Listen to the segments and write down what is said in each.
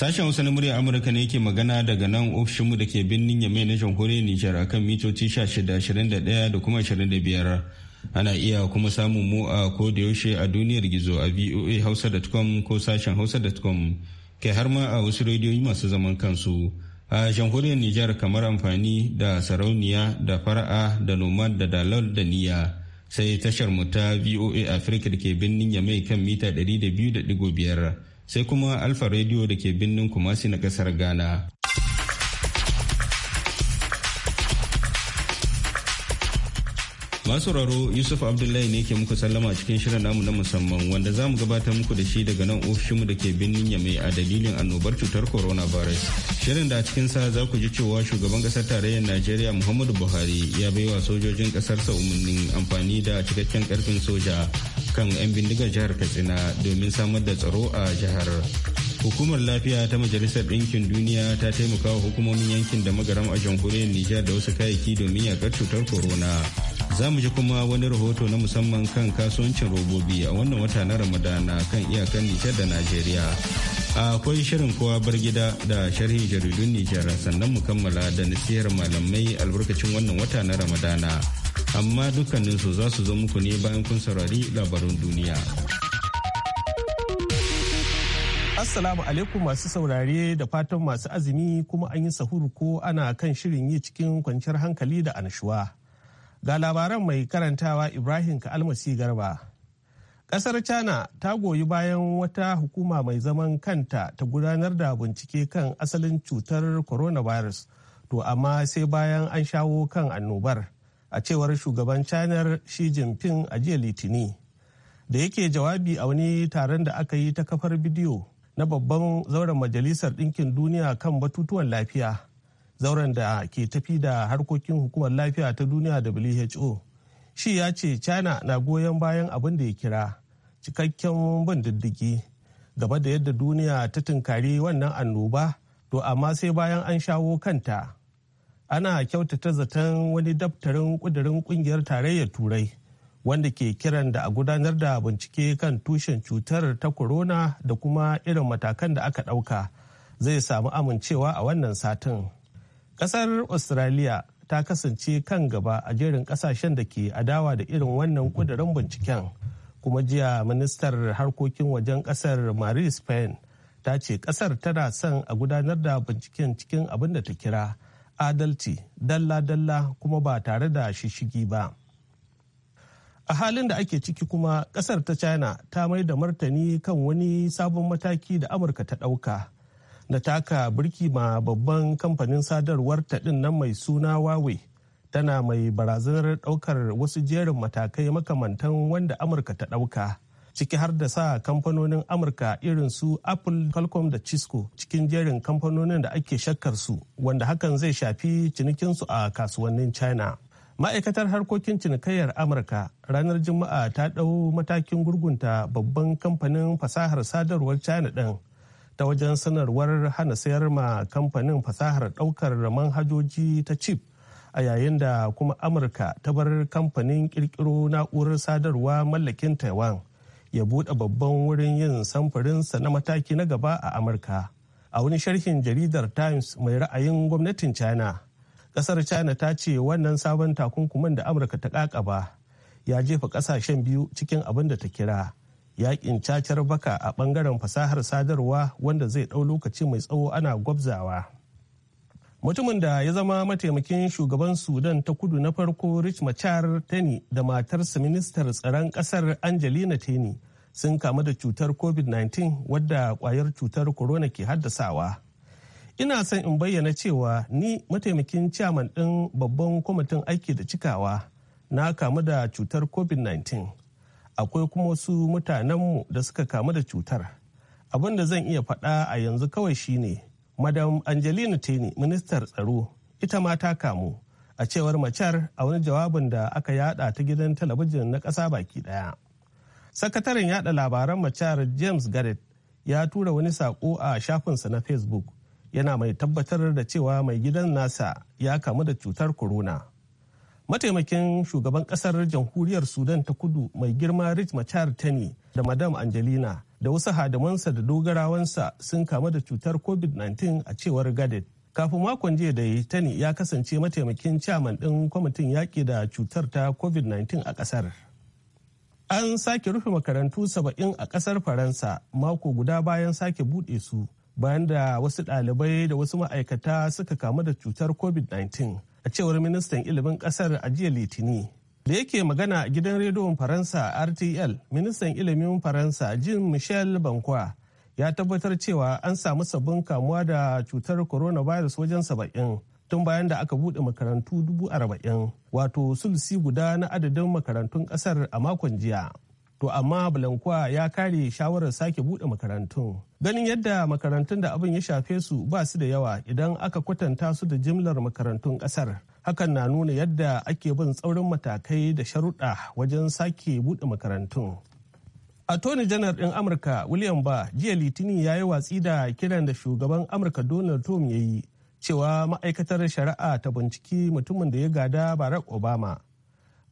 Sashen Hausa na murya Amurka ne yake magana daga nan ofishinmu da ke birnin Yamai na jamhuriyar Nijar a kan mitoci 1621 da kuma 25. Ana iya kuma samun mu a yaushe a duniyar gizo a voa hausa.com ko sashen hausa.com kai har ma a wasu rediyoyi masu zaman kansu. A jamhuriyar Nijar kamar amfani da sarauniya da fara'a da nomad da dalal da niyya. Sai tashar mu ta VOA Africa da ke birnin Yamai kan mita 200.5 sai kuma Alfa Radio da ke birnin Kumasi na kasar Ghana. Masu raro Yusuf Abdullahi ne ke muku sallama cikin shirin namu na musamman wanda za mu gabatar muku da shi daga nan ofishinmu da ke birnin mai a dalilin annobar cutar coronavirus. Shirin da a cikin sa za ku ji cewa shugaban kasar tarayyar Najeriya Muhammadu Buhari ya bai wa sojojin kasarsa umarnin amfani da cikakken karfin soja kan 'yan bindigar jihar katsina domin samar da tsaro a jihar hukumar lafiya ta majalisar ɗinkin duniya ta taimaka wa hukumomin yankin da magaram a jamhuriyar nijar da wasu kayayyaki domin yakar cutar corona za mu ji kuma wani rahoto na musamman kan kasuwancin robobi a wannan wata na ramadana kan iyakan nijar da najeriya akwai shirin kowa bar gida da sharhin jaridun nijar sannan mu kammala da nasihar malamai albarkacin wannan wata na ramadana amma dukkaninsu za su zo muku ne bayan kun saurari labarun duniya. Assalamu alaikum masu saurare da fatan masu azumi kuma an yi sahuru ko ana kan shirin yi cikin kwanciyar hankali da anashuwa. Ga labaran mai karantawa Ibrahim ka almasi Garba. Kasar China ta goyi bayan wata hukuma mai zaman kanta ta gudanar da bincike kan asalin cutar coronavirus, to amma sai bayan an shawo kan annobar. a cewar shugaban China Xi Jinping a jiya Litini. Da yake jawabi a wani taron da aka yi ta kafar bidiyo na babban zauren Majalisar Ɗinkin Duniya kan batutuwan lafiya, zauren da ke tafi da harkokin hukumar lafiya ta duniya WHO. Shi ya ce China na goyon bayan abin da ya kira cikakken bin diddigi game da yadda duniya ta tunkari wannan annoba, to amma sai bayan an shawo kanta. ana kyautata zaton wani daftarin kudirin kungiyar tarayyar turai wanda ke kiran da a gudanar da bincike kan tushen cutar ta corona da kuma irin matakan da aka ɗauka zai samu amincewa a wannan satin ƙasar australia ta kasance kan gaba a jerin ƙasashen da ke adawa da irin wannan kudirin binciken kuma jiya ministar harkokin wajen ƙasar marie spain ta ce ƙasar tana son a gudanar da binciken cikin abin da ta kira adalci dalla-dalla kuma ba tare da shishigi ba a halin da ake ciki kuma kasar ta china ta mai da martani kan wani sabon mataki da amurka ta ɗauka na taka birki ma babban kamfanin sadarwar taɗin nan mai suna huawei tana mai barazanar ɗaukar wasu jerin matakai makamantan wanda amurka ta ɗauka ciki har da sa kamfanonin amurka irin su apple qualcomm da cisco cikin jerin kamfanonin da ake shakkar su wanda hakan zai shafi cinikinsu a kasuwannin china ma'aikatar harkokin cinikayyar amurka ranar juma'a ta ɗau matakin gurgunta babban kamfanin fasahar sadarwar china ɗin ta wajen sanarwar hana sayar ma kamfanin fasahar ɗaukar manhajoji ta chip a yayin da kuma amurka ta bar kamfanin kirkiro na'urar sadarwa mallakin taiwan ya buɗe babban wurin yin samfurinsa na mataki na gaba a amurka a wani sharhin jaridar times mai ra'ayin gwamnatin china ƙasar china ta ce wannan sabon takunkuman da amurka ta ƙaƙaba ya jefa ƙasashen biyu cikin abin da ta kira yakin cacar baka a ɓangaren fasahar sadarwa wanda zai ɗau lokaci mai tsawo ana gwabzawa. mutumin da ya zama mataimakin shugaban sudan ta kudu na farko rich machar teni da matarsa ministar tsaron kasar angelina Teni, sun kamu da cutar covid-19 wadda kwayar cutar corona ke haddasawa ina son in bayyana cewa ni mataimakin ciyaman ɗin babban kwamitin aiki da cikawa na kamu da cutar covid-19 akwai kuma wasu mutanenmu da suka kamu da cutar abin da zan iya faɗa a yanzu kawai shine madam angelina tini ministar tsaro ita ma ta kamu a cewar macar a wani jawabin da aka yada ta gidan talabijin na ƙasa baki daya. sakataren yada labaran macar james garrett ya tura wani saƙo a shafinsa na facebook yana mai tabbatar da cewa mai gidan nasa ya kamu da cutar corona. Mataimakin shugaban kasar jamhuriyar Sudan ta kudu mai girma Rich Machar Tani da Madam Angelina da wasu hadamansa da dogarawansa sun kamu da cutar covid-19 a cewar gadet kafin makon jiya da tani ya kasance mataimakin caman ɗin kwamitin yaƙi da cutar ta covid-19 a ƙasar an sake rufe makarantu saba'in a ƙasar faransa mako guda bayan sake buɗe su bayan da wasu ɗalibai da wasu ma'aikata suka kamu da cutar covid-19 a cewar ministan ilimin ƙasar a jiya litini da yake magana a gidan rediyon faransa rtl ministan ilimin faransa jean michel bankwa ya tabbatar cewa an samu sabbin kamuwa da cutar coronavirus wajen saba'in tun bayan da aka buɗe makarantu dubu arba'in wato sulsi guda na adadin makarantun ƙasar a makon jiya to amma blankwa ya kare shawarar sake buɗe makarantun ganin yadda makarantun da abin ya shafe su ba su da yawa idan aka kwatanta su da jimlar makarantun ƙasar hakan na nuna yadda ake bin tsaurin matakai da sharuɗa wajen sake buɗe makarantun attorney janar ɗin amurka william ba jiya litinin ya yi watsi da kiran da shugaban amurka donald trump ya yi cewa ma'aikatar shari'a ta binciki mutumin da ya gada barack obama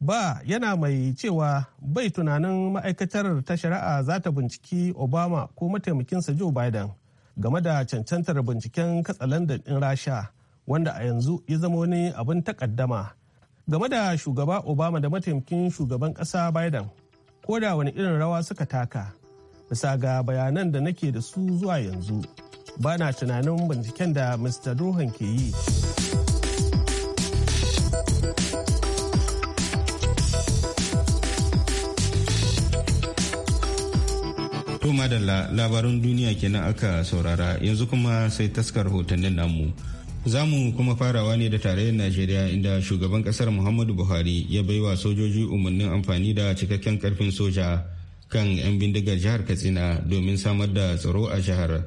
ba yana mai cewa bai tunanin ma'aikatar ta shari'a za ta binciki obama ko mataimakinsa joe biden game da cancantar binciken katsalandan ɗin rasha wanda a yanzu ya zama wani abin takaddama game da shugaba obama da mataimakin shugaban kasa biden ko da wani irin rawa suka taka bisa ga bayanan da nake da su zuwa yanzu ba na tunanin binciken da mr dohan ke yi To madalla labaran duniya kenan aka saurara yanzu kuma sai taskar hotonnin namu Za mu kuma farawa ne da tarayyar Najeriya inda shugaban kasar Muhammadu Buhari ya baiwa sojoji umarnin amfani da cikakken karfin soja kan 'yan bindigar jihar Katsina domin samar da tsaro a jihar.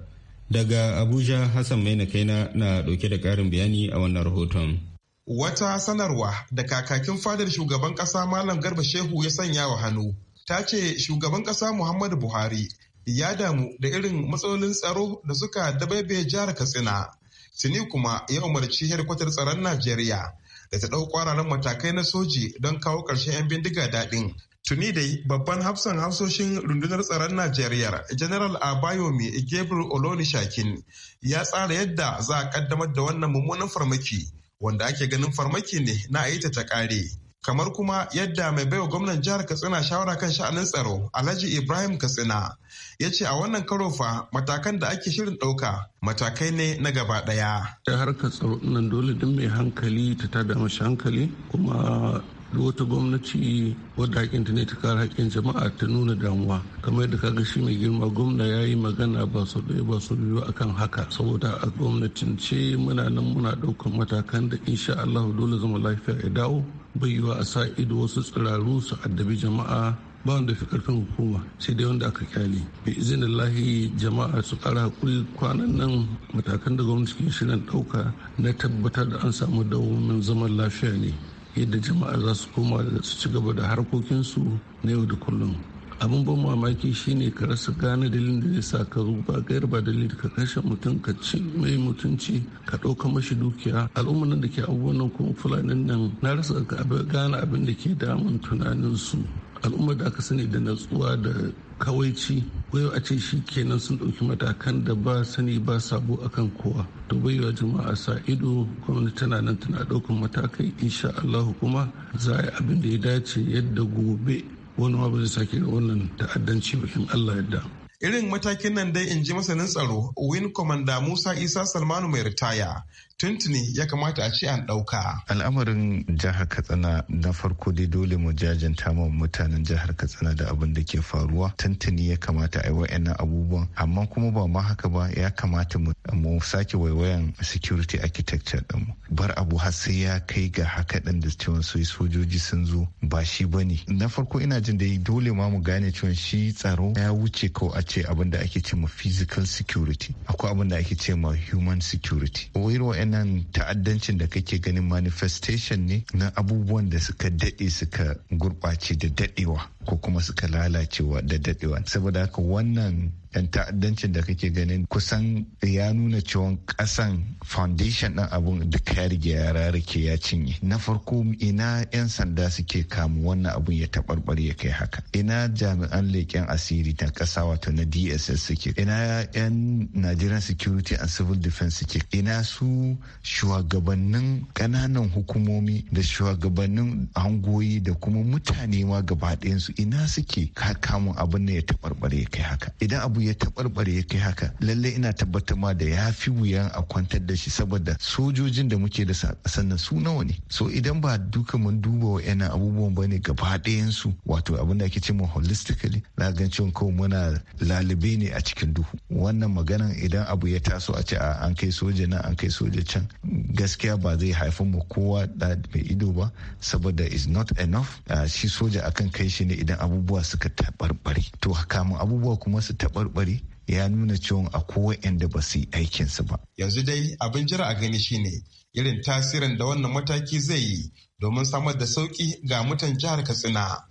Daga Abuja Hassan mai na Kaina na dauke da karin bayani a wannan rahoton. Wata sanarwa da kakakin fadar shugaban kasa Malam Garba Shehu ya sanya wa hannu ta ce shugaban kasa Muhammadu Buhari ya damu da irin matsalolin tsaro da suka dabaibe jihar Katsina. Sini kuma ya umarci hedkwatar tsaron Najeriya da ta ɗau kwararan matakai na soji don kawo ƙarshen 'yan bindiga daɗin. Tuni dai babban hafsan hafsoshin rundunar tsaron Najeriya, General Abayomi Gabriel Shakin ya tsara yadda za a ƙaddamar da wannan mummunan farmaki, wanda ake ganin farmaki ne na aita ta ƙare. kamar kuma yadda mai baiwa gwamnan jihar katsina shawara kan sha'anin tsaro alhaji ibrahim katsina ya ce a wannan karo fa matakan da ake shirin ɗauka matakai ne na gaba ɗaya. da harkar tsaro nan dole duk mai hankali ta tada mashi hankali kuma duk wata gwamnati wadda hakin ta ne ta kare hakin jama'a ta nuna damuwa kamar yadda kaga shi mai girma gwamna ya yi magana ba su ɗaya ba su biyu akan haka saboda a gwamnatin ce muna nan muna ɗaukar matakan da insha Allah dole zama lafiya ya dawo bai yiwa a sa ido wasu tsiraru su addabi jama'a ba wanda fi karfin hukuma sai dai wanda aka kyale bi izinin lahi jama'a su kara hakuri kwanan nan matakan da gwamnati ke shirin ɗauka, na tabbatar da an samu dawomin zaman lafiya ne yadda jama'a za su koma da su ci gaba da harkokinsu na yau da kullum abin ban mamaki shine ka rasa gane dalilin da zai sa ka ba gayar ba dalilin ka kashe mutum ka ci mai mutunci ka ɗauka mashi dukiya al'ummar nan da ke abubuwan nan kuma fulanin nan na rasa gane abin da ke damun tunaninsu al'ummar da aka sani da natsuwa da kawaici wayo a ce shi kenan sun ɗauki matakan da ba sani ba sabo akan kowa to baiwa jama'a sa ido gwamnati tana nan tana ɗaukan matakai insha Allah kuma za a yi abin da ya dace yadda gobe wani ma ba zai sake wannan ta'addanci bikin Allah yadda. irin matakin nan dai in ji masanin tsaro win commander musa isa salmanu mai ritaya tuntuni ya kamata a ce an ɗauka. al'amarin jihar katsina na farko dai dole mu jajanta ma mutanen jihar katsina da abin da ke faruwa tuntuni ya kamata a yi wa'annan abubuwan amma kuma ba ma haka ba ya kamata mu sake waiwayan security architecture ɗinmu bar abu har sai ya kai ga haka ɗin da cewa sojoji sun zo ba shi ba ne na farko ina jin dai dole ma mu gane cewa shi tsaro ya wuce ko a ce abin da ake ce ma physical security akwai abin da ake ce ma human security irin wa'annan ta'addancin da kake ganin manifestation ne na abubuwan da suka daɗe suka gurɓace da daɗewa ko kuma suka lalacewa da daɗewa saboda haka wannan 'yan ta'addancin da kake ganin kusan ya nuna cewa kasan foundation ɗin abun duk ya rige ya rarrake ya cinye na farko ina 'yan sanda suke kamu wannan abun ya taɓarɓare ya kai haka ina jami'an leƙen asiri ta ƙasa wato na dss suke ina 'yan nigerian security and civil defense suke ina su shugabannin ƙananan hukumomi da shugabannin hangoyi da kuma mutane ma gaba ɗayansu ina suke kamun abin ya taɓarɓare ya kai haka idan abu ya taɓarɓare ya kai haka lalle ina tabbatar ma da ya fi wuyan a kwantar da shi saboda sojojin da muke da sannan su nawa ne so idan ba duka mun duba wa yana abubuwan ba ne gaba ɗayansu wato abin da ake ce mu holistically na gan cewa ko muna lalube ne a cikin duhu wannan maganan idan abu ya taso a ce an kai soja nan an kai soja can gaskiya ba zai haifar mu kowa da mai ido ba saboda is not enough shi soja akan kai shi ne idan abubuwa suka taɓarɓare to kamun abubuwa kuma su taɓar tabarbare ya nuna cewa akwai waɗanda ba su yi aikinsu ba. Yanzu dai abin jira a gani shine irin tasirin da wannan mataki zai yi domin samar da sauki ga mutan jihar Katsina.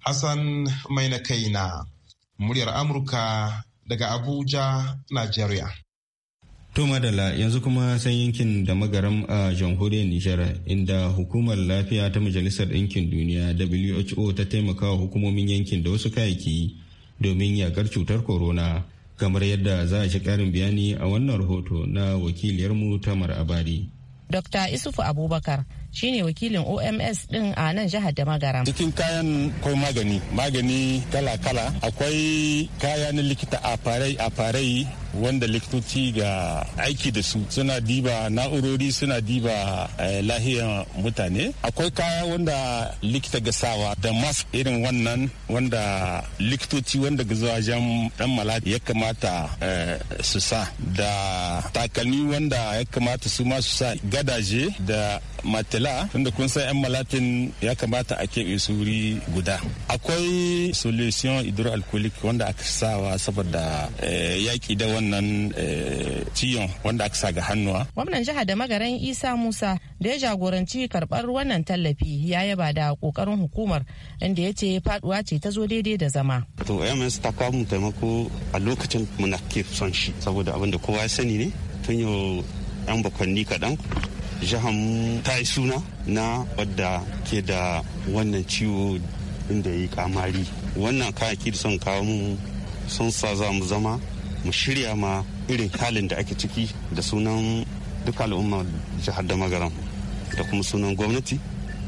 Hassan mai na kaina, muryar Amurka daga Abuja, nigeria. To madala yanzu kuma san yankin da magaram a jamhuriyar Nijar inda hukumar lafiya ta Majalisar Ɗinkin Duniya WHO ta taimaka wa hukumomin yankin da wasu kayayyaki domin yakar cutar corona kamar yadda za a shi karin bayani a wannan rahoto na wakiliyarmu tamar abadi dr isufu abubakar shine wakilin oms din a nan jihar da magaram cikin kayan akwai magani magani kala-kala akwai kayan likita a farai a farai wanda likitoci ga aiki da su suna diba na'urori suna diba eh, lahiyar mutane akwai kaya wanda likita gasawa da mask irin wannan wanda likitoci wanda jan dan malati ya kamata eh, su sa da takalmi wanda ya kamata su masu sa gadaje da matila tunda kun san 'yan malatin ya kamata a keɓe su wuri guda akwai solution hydroalcoholic wanda aka sawa saboda eh, yaƙi da wannan eh, ciyon wanda aka sa ga hannuwa. Gwamnan jihar da magaran Isa Musa da ya jagoranci karɓar wannan tallafi ya yaba da kokarin hukumar inda ya ce faduwa ce ta zo daidai da zama. To MS ta kawo taimako a lokacin muna ke son shi saboda abin da kowa ya sani ne tun yau 'yan bakwanni kaɗan jihar ta yi suna na wadda ke da wannan ciwo inda ya yi kamari wannan kayaki da son kawo mu sun sa za mu zama mu shirya ma irin halin da ake ciki da sunan duk al'umma jihar da magaram da kuma sunan gwamnati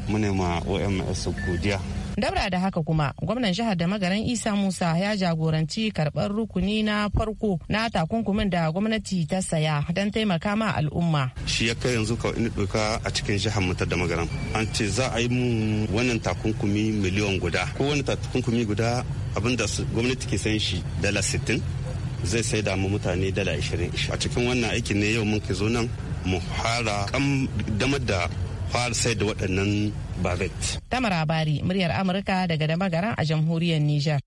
mu ma oms godiya dabra da haka kuma gwamnan jihar da magaran isa musa ya jagoranci karɓar rukuni na farko na takunkumin da gwamnati ta saya don taimaka ma al'umma shi ya kai yanzu kawai ɗauka a cikin jihar mutar da magaran an ce za a yi mun wannan takunkumi miliyan guda ko wani takunkumi guda abinda gwamnati ke san shi dala sittin zai sai damu mutane dala 20 a cikin wannan aikin ne yau mun zo nan mu fara kan damar da fara sai da waɗannan bavet. Tamara Bari, muryar Amurka daga dama a jamhuriyar Nijar.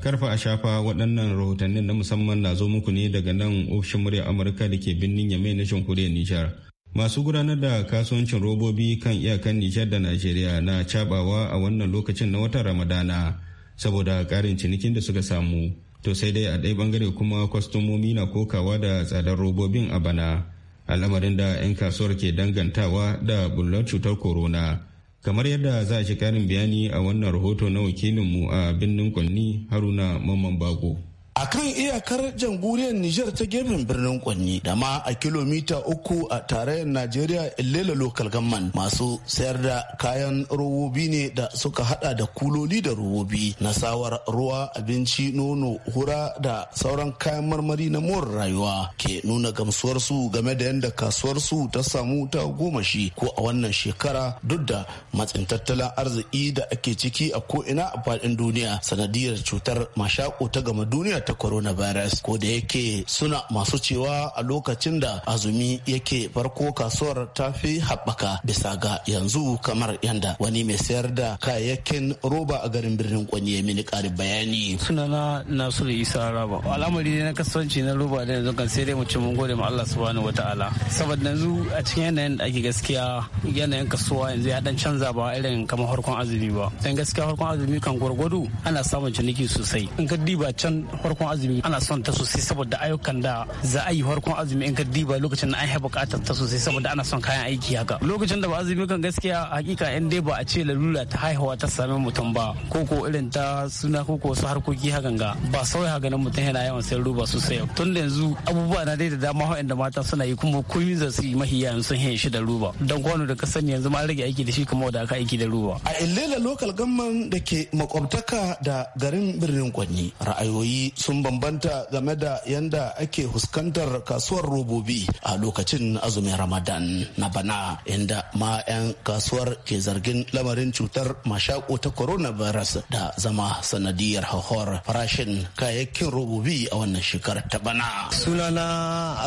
Karfa a shafa waɗannan rahotannin na musamman na zo muku ne daga nan ofishin muryar Amurka da ke birnin Yamai na jamhuriyar Nijar. Masu gudanar da kasuwancin robobi kan iyakan Nijar da Najeriya na cabawa a wannan lokacin na watan Ramadana saboda ƙarin cinikin da suka samu. to sai dai a ɗaya bangare kuma kwastomomi na kokawa da tsadar robobin a bana al'amarin da 'yan kasuwar ke dangantawa da bullar cutar corona kamar yadda za a shi karin bayani a wannan rahoto na wakilinmu a birnin kwanni haruna mamman bago. a kan iyakar jamhuriyar Nijar ta gefen birnin Kwanni da ma a kilomita uku a tarayyar Najeriya Ilela Local Gamman masu sayar da kayan robobi ne da suka hada da kuloli da robobi na sawar ruwa abinci nono hura da sauran kayan marmari na more rayuwa ke nuna gamsuwarsu game da yadda kasuwarsu ta samu ta goma shi ko a wannan shekara duk da matsin tattalin arziki da ake ciki a ko'ina a faɗin duniya sanadiyar cutar mashako ta gama duniya ta coronavirus ko da yake suna masu cewa a lokacin da azumi yake farko kasuwar ta fi haɓaka bisa ga yanzu kamar yanda wani mai sayar da kayayyakin roba a garin birnin kwanye ya mini ƙari bayani sunana nasiru isa raba al'amari ne na kasuwanci na roba da yanzu kan sai dai mu ci mun gode ma allah subhanahu wataala saboda yanzu a cikin yanayin da ake gaskiya yanayin kasuwa yanzu ya dan canza ba irin kamar harkon azumi ba dan gaskiya harkon azumi kan gwargwado ana samun ciniki sosai in ka diba can farkon azumi ana son ta sosai saboda ayyukan da za a yi farkon azumi in ka diba lokacin da an yi bukatar ta sosai saboda ana son kayan aiki haka lokacin da ba azumi kan gaskiya hakika in dai ba a ce lalula ta haihuwa ta sami mutum ba ko ko irin ta suna ko ko wasu harkoki hakan ga ba sauya haka nan mutum yana yawan sai ruba sosai tun da yanzu abubuwa na dai da dama waɗanda mata suna yi kuma komai za su yi mahiya yanzu sun hin shi da ruba dan kwano da ka sani yanzu ma rage aiki da shi kuma da aka aiki da ruba a illela lokal gamman da ke makwabtaka da garin birnin kwanni ra'ayoyi sun bambanta game da yanda ake huskantar kasuwar robobi a lokacin azumin ramadan na bana inda ma 'yan kasuwar ke zargin lamarin cutar mashako ta coronavirus da zama sanadiyar hauhawar farashin kayayyakin robobi a wannan shekarar ta bana sunana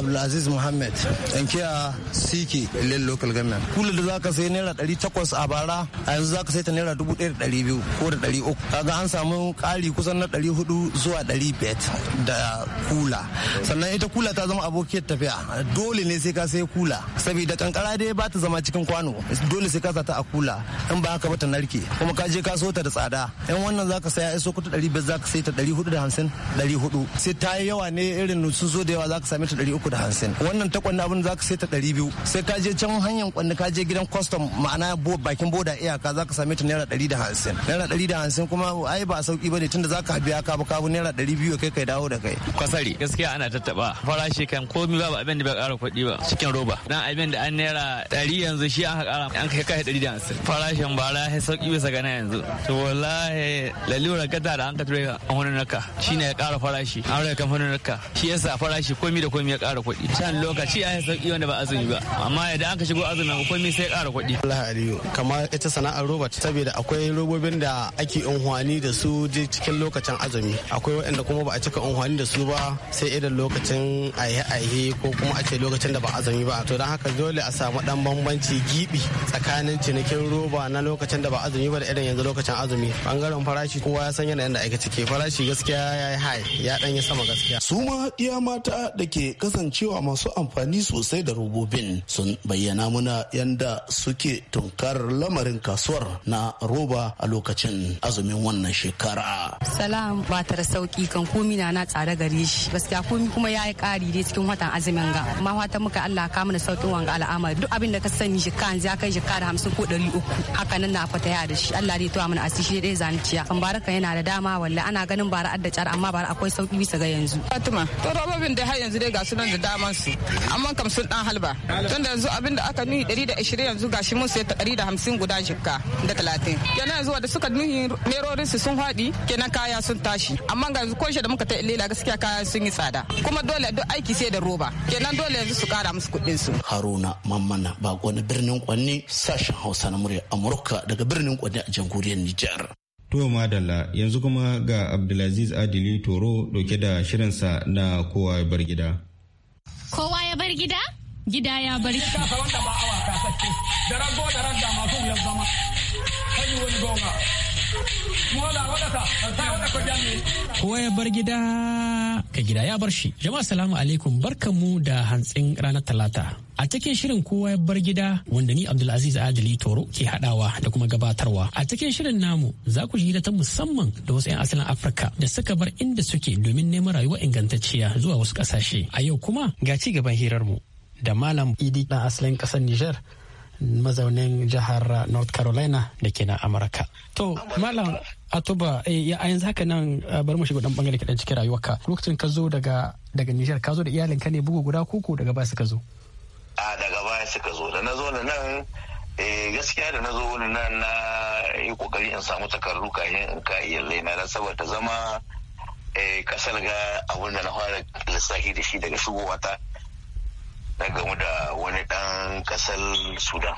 abdulaziz muhammad kiya siki ilil local government kula da zaka sai naira takwas a bara a yanzu zaka sai ta naira dubu biyu ko da uku. kaga an samu kari kusan na hudu zuwa biyar. bed da kula sannan ita kula ta zama abokiyar tafiya dole ne sai ka sai kula saboda kankara dai ba ta zama cikin kwano dole sai ka ta a kula in ba haka ba ta narke kuma ka je ka so ta da tsada in wannan zaka saya iso kuta 500 zaka sai ta 450 400 sai ta yi yawa ne irin sun zo da yawa zaka same ta 350 wannan ta kwanna abin zaka sai ta 200 sai ka je can hanyar kwanna ka je gidan custom ma'ana bakin boda iyaka zaka same ta naira 150 naira 150 kuma ai ba sauki bane tunda zaka biya ka ba ka naira 200 kai kai dawo da kai kwasari gaskiya ana tattaba farashi kan komi ba abin da ba ƙara kuɗi ba cikin roba dan abin da an naira ɗari yanzu shi an kara an kai kai ɗari da hamsin farashin bara ya sauƙi bisa gana yanzu to wallahi lalura gada da an ka tura kamfanin naka ne ya ƙara farashi an rage kan naka shi yasa farashi komi da komi ya ƙara kuɗi can lokaci ya sauƙi wanda ba azumi ba amma idan aka shigo azumi komi sai ya ƙara kuɗi. Allah Aliyu kamar ita sana'ar robot saboda akwai robobin da ake unhwani da su cikin lokacin azumi akwai waɗanda kuma kuma ba a cika unguwanni da su ba sai irin lokacin aihe-aihe ko kuma a ce lokacin da ba azumi ba to don haka dole a samu dan bambanci gibi tsakanin cinikin roba na lokacin da ba azumi ba da irin yanzu lokacin azumi bangaren farashi kowa ya san yanayin da ake ciki farashi gaskiya ya yi hai ya dan yi sama gaskiya su ma iya mata da ke kasancewa masu amfani sosai da robobin sun bayyana muna yanda suke tunkar lamarin kasuwar na roba a lokacin azumin wannan shekara salam ba ta da sauki kan komi na na tsare gare shi gaskiya komi kuma ya yi ƙari dai cikin watan azumin ga amma fatan muka Allah ka mana sauƙin wanga al'amari duk abin da ka sani shi kan ya kai shi da hamsin ko ɗari uku haka nan na fata ya da shi Allah dai tuwa mana asiri dai zanciya kan baraka yana da dama walla ana ganin bara adda car amma bara akwai sauƙi bisa ga yanzu Fatima to robobin da har yanzu dai ga sunan da daman su amma kam sun dan halba tun da yanzu abin da aka nuhi 120 yanzu gashi mun sai ta 150 guda jikka da 30 kenan yanzu wanda suka nuni nerorin su sun haɗi kenan kaya sun tashi amma ga yanzu ko karshe da muka ta lela gaskiya kaya sun yi tsada kuma dole duk aiki sai da roba kenan dole yanzu su kara musu kuɗin su haruna mammana bako na birnin kwanni sashen hausa na murya amurka daga birnin kwanni a jamhuriyar nijar To Madalla yanzu kuma ga Abdulaziz Adili Toro doke da shirinsa na kowa ya bar gida. Kowa ya bar gida? Gida ya bar gida. Kowa ya bar gida ka gida ya bar shi. Jama'a salamu alaikum barkamu da hantsin ranar talata. A cikin shirin kowa ya bar gida wanda ni Abdulaziz Adali Toro ke hadawa da kuma gabatarwa. A cikin shirin namu za ku ji ta musamman da wasu 'yan asalin Afirka da suka bar inda suke domin neman rayuwa ingantacciya zuwa wasu kasashe. A yau kuma ga ci gaban hirarmu da Malam Idi na asalin ƙasar Nijar mazaunin jihar north carolina da ke na amurka to malam atuba eh, ya yanzu haka nan eh, bari mu shiga dan bangare kaɗan cikin rayuwarka lokacin ka zo daga daga nijar ka zo da iyalinka ne bugu guda kuku daga baya suka zo a daga baya suka zo da na zo da nan eh, gaskiya da na zo wani nan na yi kokari in samu takardu kayan in ka iyalai na saboda zama kasar ga abin da na fara lissafi da shi daga shigowa ta na gamu da wani ɗan ƙasar sudan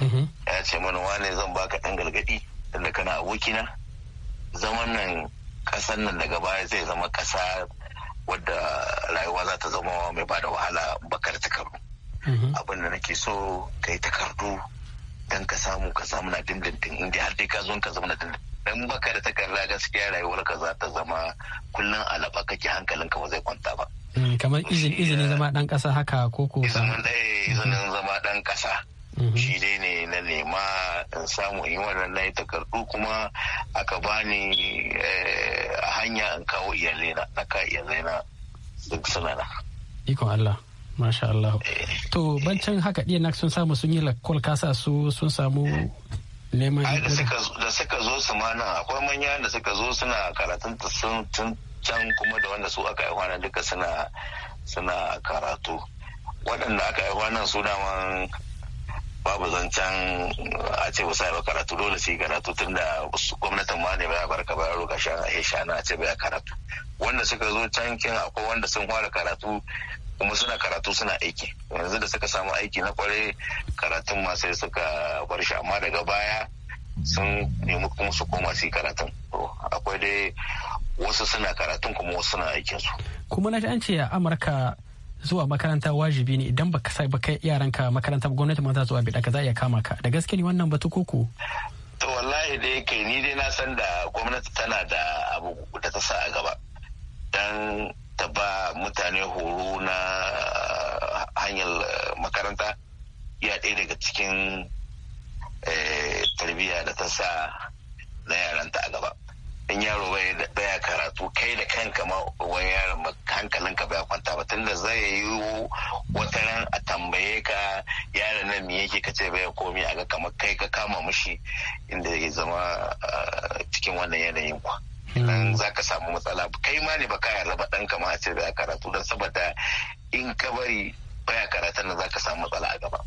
mm-hmm. ya ce mana wane zan baka ɗan gargaɗi da kana abokina zaman nan ƙasar nan daga baya zai zama ƙasa wadda rayuwa za ta zama mai bada wahala bakar takardu mm-hmm. abin da nake so ka yi takardu dan ka samu ka samu na dindindin inda har dai ka zo ka zama dindindin dan baka da takarda gaskiya rayuwar ka za ta zama kullun alaba kake hankalin ka ba zai kwanta ba mm, kamar izin izini zama dan kasa haka ko ko izinin eh, mm-hmm. zama dan kasa mm-hmm. shi dai ne na nema in samu in yi wannan takardu kuma aka bani eh, hanya in kawo iyalena na ka iyalena duk sanana ikon Allah Masha Allah. To bancin haka na sun samu sun yi lakol kasa su sun samu neman da suka zo su mana akwai manya da suka zo suna karatun sun can kuma da wanda su aka yi nan duka suna suna karatu waɗanda aka yi kwanan su daman babu zancen a ce ba sai ba karatu dole sai karatu tun da gwamnatin ma ne ba barka ba roka shan a a ce ba karatu wanda suka zo can kin akwai wanda sun fara karatu kuma suna karatu suna aiki yanzu da suka samu aiki na kwarai karatun ma sai suka bar shi amma daga baya sun nemi kuma su koma su yi karatun akwai dai wasu suna karatun kuma wasu suna aikin su kuma na an ce a amurka zuwa makaranta wajibi ne idan baka sai baka yaran ka makaranta gwamnati ma za zuwa bi daga za iya kama ka da gaske ne wannan batu koko to wallahi da yake ni dai na san da gwamnati tana da abu da ta sa a gaba dan ta ba mutane horo na eh, hanyar eh, makaranta ya ɗaya daga cikin eh, tarbiyya da ta sa na yaranta a gaba in yaro bai daya karatu kai da kanka ma wani yaron ka bai kwanta ba tunda zai yi wata ran a tambaye ka yaron nan me yake kace bai komi a ga kamar kai ka kama mushi inda ya zama cikin wannan yanayin kwa. kilan za ka samu matsala kai ma ne ba ka yarda ba ɗan ma a ce da karatu don saboda in ka bari baya karatun da za ka samu matsala a gaba.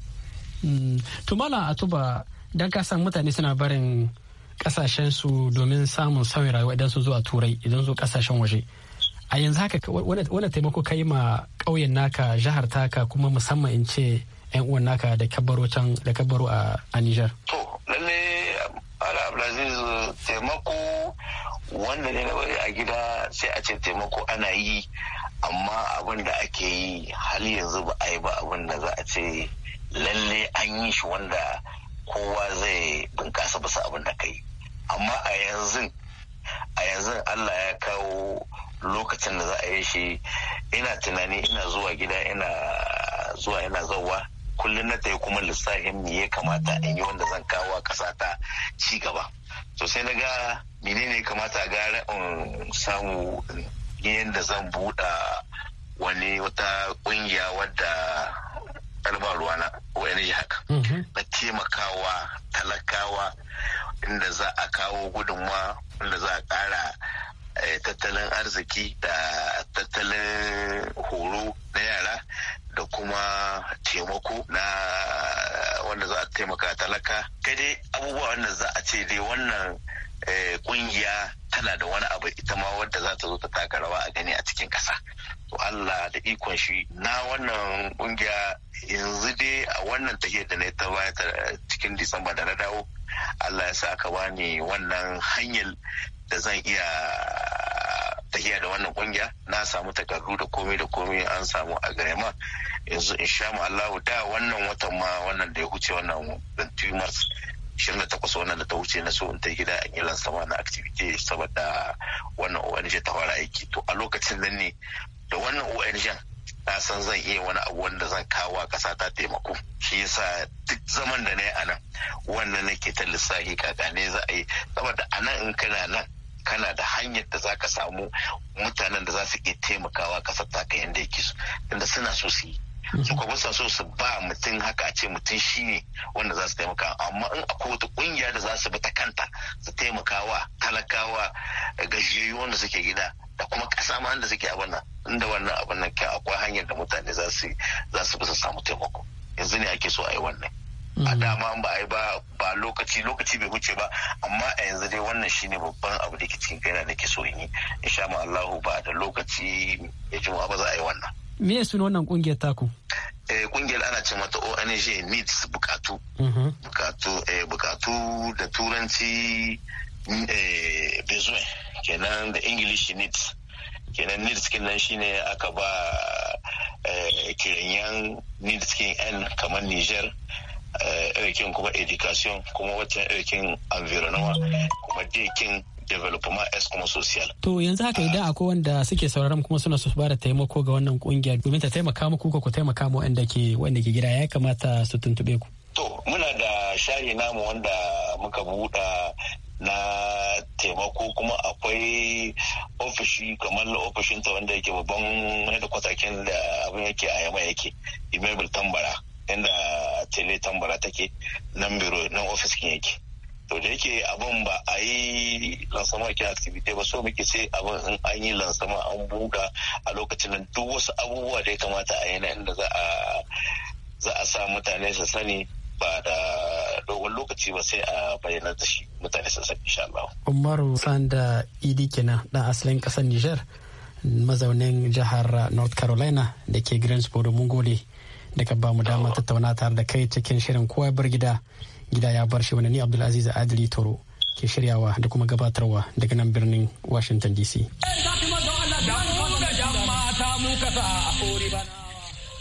Mm. to mala atuba don ka san mutane suna barin kasashen su domin samun sauyin rayuwa idan sun zo a turai idan zo kasashen waje a yanzu haka wani taimako ka yi ma ƙauyen naka jihar taka kuma musamman in ce yan uwan naka da kabaru can da kabaro a Nijar. to lalle ala abdulaziz taimako wanda ne na bari a gida sai a ce taimako ana yi amma abin da ake yi hal yanzu ba a yi ba abin da za a ce lalle an yi shi wanda kowa zai bunkasa bisa abin da kai amma a yanzu a yanzu allah ya kawo lokacin da za a yi shi ina tunani ina zuwa gida ina zuwa ina zauwa kullum na tayi kuma lissafin me ya kamata in yi wanda zan kawo kasa ta ci gaba to sai na ga menene ya kamata gara in samu yadda zan buɗa wani wata ƙungiya wadda ɗalba ruwana wani haka mhm. na taimakawa talakawa inda za a kawo gudunmawa inda za a ƙara eh, tattalin arziki da tattalin horo na yara da kuma taimako na wanda za a taimaka talaka kai dai abubuwa wanda za a ce dai wannan eh, kungiya tana da wani abu ita ma wadda za ta zo ta taka rawa a gani a cikin ƙasa to Allah da ikon shi na wannan kungiya yanzu dai a wannan tahiyar da na ta baya cikin disamba da na dawo Allah ya sa ka bani wannan hanyar da zan iya tafiya da wannan kungiya na samu takardu da komai da komai an samu a ma yanzu in mu Allah da wannan watan ma wannan da ya huce wannan 20 Mars 28 wannan da ta huce na so in ta gida an yi sama na activity saboda wannan ONG ta fara aiki to a lokacin nan ne da wannan ONG na san zan iya wani abu wanda zan kawo a ƙasa ta taimako shi yasa duk zaman da na yi a nan wannan nake ta lissafi kakane za a yi saboda a nan in kana nan kana da hanyar da za ka samu mutanen da za su iya taimakawa kasar ka yadda yake su inda suna so su yi su kuma sa so su ba mutum haka a ce mutum shi ne wanda za su taimaka amma in akwai wata kungiya da za su bi ta kanta su taimakawa talakawa gajiyayyu wanda suke gida da kuma kasa ma da suke abin inda wannan abin nan akwai hanyar da mutane za su bi su samu taimako yanzu ne ake so a yi wannan a mm. dama ba a ba ba lokaci lokaci bai wuce ba amma a yanzu dai wannan shine babban abu da ke cikin kaina da ke so in yi insha ma Allahu ba da lokaci ya ji ba za a yi wannan me ya suna wannan kungiyar taku eh kungiyar ana ce mata ONG needs bukatu mm-hmm. bukatu eh bukatu da turanci eh besoin kenan da english needs kenan needs kenan shine aka ba eh, yan needs kin kamar Niger irin kuma education kuma waccan irin environment kuma dikin development as kuma social. To yanzu haka idan akwai wanda suke sauraron kuma suna su da taimako ga wannan kungiya domin ta taimaka muku ko ku taimaka mu wanda ke wanda ke gida ya kamata su tuntube ku. To muna da shari namu wanda muka buɗa na taimako kuma akwai ofishi kamar ofishinta wanda yake babban wani da kwatakin da abin yake a yama yake imebul tambara. inda tele tambara take nan biro nan ofis kin yake to da yake abin ba a yi lansama ke asibiti ba so muke sai abin in an yi lansama an buga a lokacin nan duk wasu abubuwa da ya kamata a yi na inda za a za sa mutane su sani ba da dogon lokaci ba sai a bayyana da shi mutane su sani insha Allah. Umaru Sanda Idi kenan dan asalin kasar Niger mazaunin jihar North Carolina da ke Greensboro mun gode. da ka bamu dama tattauna tare da kai cikin shirin kowa bar gida gida ya bar shi wani ni abdulaziz adili toro ke shiryawa da kuma gabatarwa daga nan birnin washington dc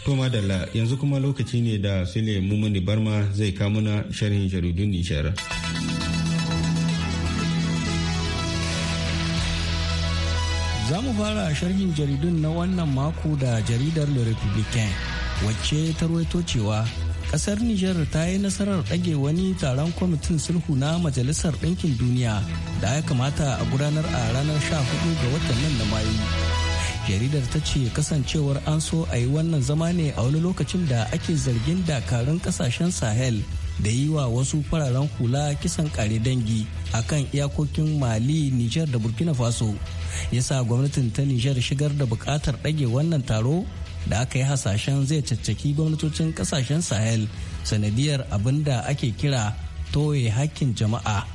To madalla yanzu kuma lokaci ne da Sule Mumuni Barma zai na sharhin jaridun Nijar. Za mu fara sharhin jaridun na wannan mako da jaridar Le Republican. wacce ta ruwaito cewa kasar Nijar ta yi nasarar ɗage wani taron kwamitin sulhu na Majalisar Ɗinkin Duniya da ya kamata a gudanar a ranar 14 ga watan nan na Mayu. Jaridar ta ce kasancewar an so a yi wannan zama ne a wani lokacin da ake zargin dakarun kasashen Sahel da yi wa wasu fararen hula kisan kare dangi a kan iyakokin Mali, Nijar da Burkina Faso. Yasa gwamnatin ta Nijar shigar da bukatar ɗage wannan taro da aka yi hasashen zai caccaki gwamnatocin kasashen sahel sanadiyar abin da ake kira toye hakkin jama'a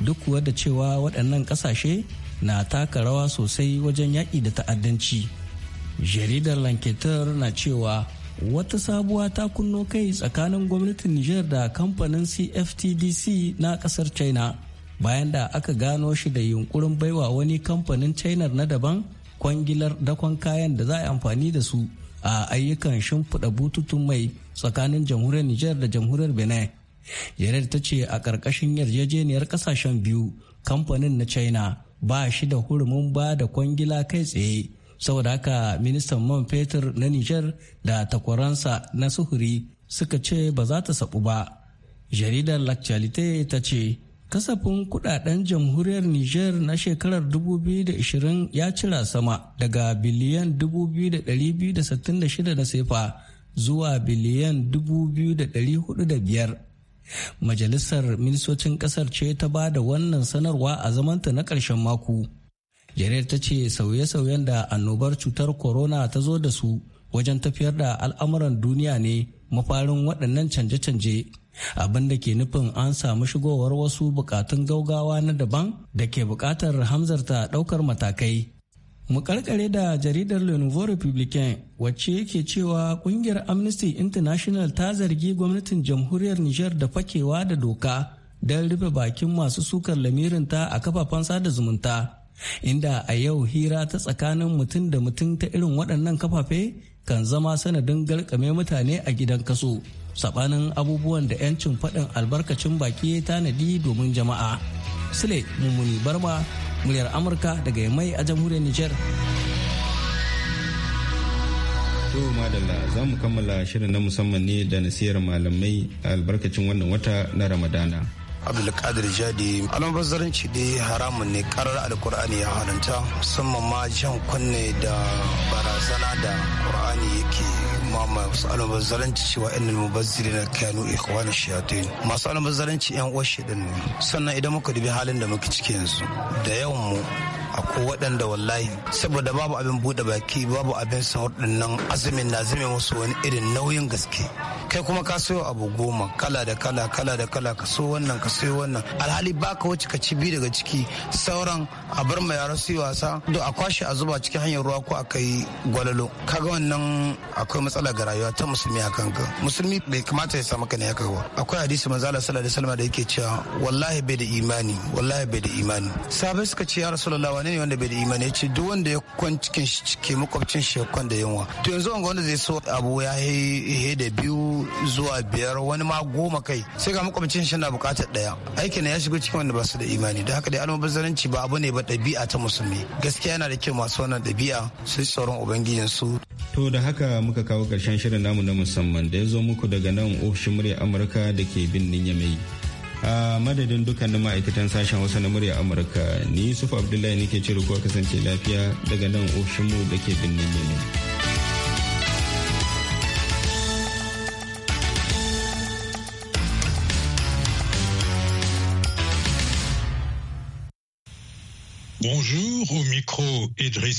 duk kuwa da cewa waɗannan ƙasashe na taka rawa sosai wajen yaƙi da ta'addanci jaridar lanketer na cewa wata sabuwa ta kunno kai tsakanin gwamnatin niger da kamfanin cftdc na ƙasar china bayan da aka gano shi da yunkurin baiwa wani kamfanin china na daban kwangilar dakon kayan da za a amfani da su a ayyukan shimfiɗa bututun mai tsakanin jamhuriyar Nijar da jamhuriyar Benin. Jared ta ce a ƙarƙashin yarjejeniyar ƙasashen biyu kamfanin na China ba shi da hurumin ba da kwangila kai tsaye. Saboda haka ministan man fetur na Nijar da takwaransa na suhuri suka ce ba za ta saɓu ba. Jaridar Lactualite ta ce kasafin kudaden jamhuriyar Niger na shekarar 2020 ya cira sama daga biliyan 2,266 na sefa zuwa biliyan 2,405. Majalisar ministocin kasar ce ta ba da wannan sanarwa a zamanta na ƙarshen mako. Janet ta ce sauye-sauyen da annobar cutar corona ta zo da su wajen tafiyar da al'amuran duniya ne mafarin waɗannan canje-canje. abin da ke nufin an samu shigowar wasu bukatun gaugawa na daban da ke bukatar hamzarta daukar matakai mu karkare da jaridar le nouveau republicain wacce yake cewa kungiyar amnesty international ta zargi gwamnatin jamhuriyar niger da fakewa da doka don rufe bakin masu sukar lamirinta a kafafen sada zumunta inda a yau hira ta tsakanin mutum da mutum ta irin waɗannan kafafe kan zama sanadin garkame mutane a gidan kaso. sabanin abubuwan da 'yancin faɗin albarkacin baki ya tanadi domin jama'a sule mummuni barma muryar amurka daga mai a jamhuriyar nijar to madalla za mu kammala shirin na musamman ne da nasiyar malamai a albarkacin wannan wata na ramadana abdulkadir jadi almubazzaranci dai haramun ne karar alkur'ani ya haramta musamman ma jan kunne da barazana da kur'ani kuma masu almubazzaranci cewa mubazzir na kanu ikhwana shayatin masu almubazzaranci yan uwashe din ne sannan idan muka dubi halin da muke ciki yanzu da yawan mu ko waɗanda wallahi saboda babu abin buɗe baki babu abin sahur nan azumin na zame musu wani irin nauyin gaske kai kuma ka sayo abu goma kala da kala kala da kala ka so wannan ka sayo wannan alhali baka wuce ka ci biyu daga ciki sauran a bar ma yara su wasa don a kwashe a zuba cikin hanyar ruwa ko a kai gwalalo kaga wannan akwai matsala ga rayuwa ta musulmi a kanka musulmi bai kamata ya samu kana ya kawo akwai hadisi manzo Allah sallallahu alaihi wasallam da yake cewa wallahi bai da imani wallahi bai da imani sahabbai suka ce ya rasulullah wane ne wanda bai da imani yace duk wanda ya kwanci cikin shi cike makwabcin shi ya kwanda da yunwa to yanzu wanda zai so abu ya he da biyu zuwa biyar wani ma goma kai sai ga makwabcin shi na bukatar daya aikin ya shigo cikin wanda ba su da imani da haka dai almubazzaranci ba abu ne ba ɗabi'a ta musulmi gaskiya yana da kyau masu wannan ɗabi'a su yi tsoron ubangijin su. to da haka muka kawo ƙarshen shirin namu na musamman da ya zo muku daga nan ofishin murya amurka da ke birnin yamai a madadin dukkanin ma'aikatan sashen wasu na murya amurka ni yusuf abdullahi nake ciro kuwa kasance lafiya daga nan ofishinmu da ke birnin yamai. Bonjour, au micro Idriss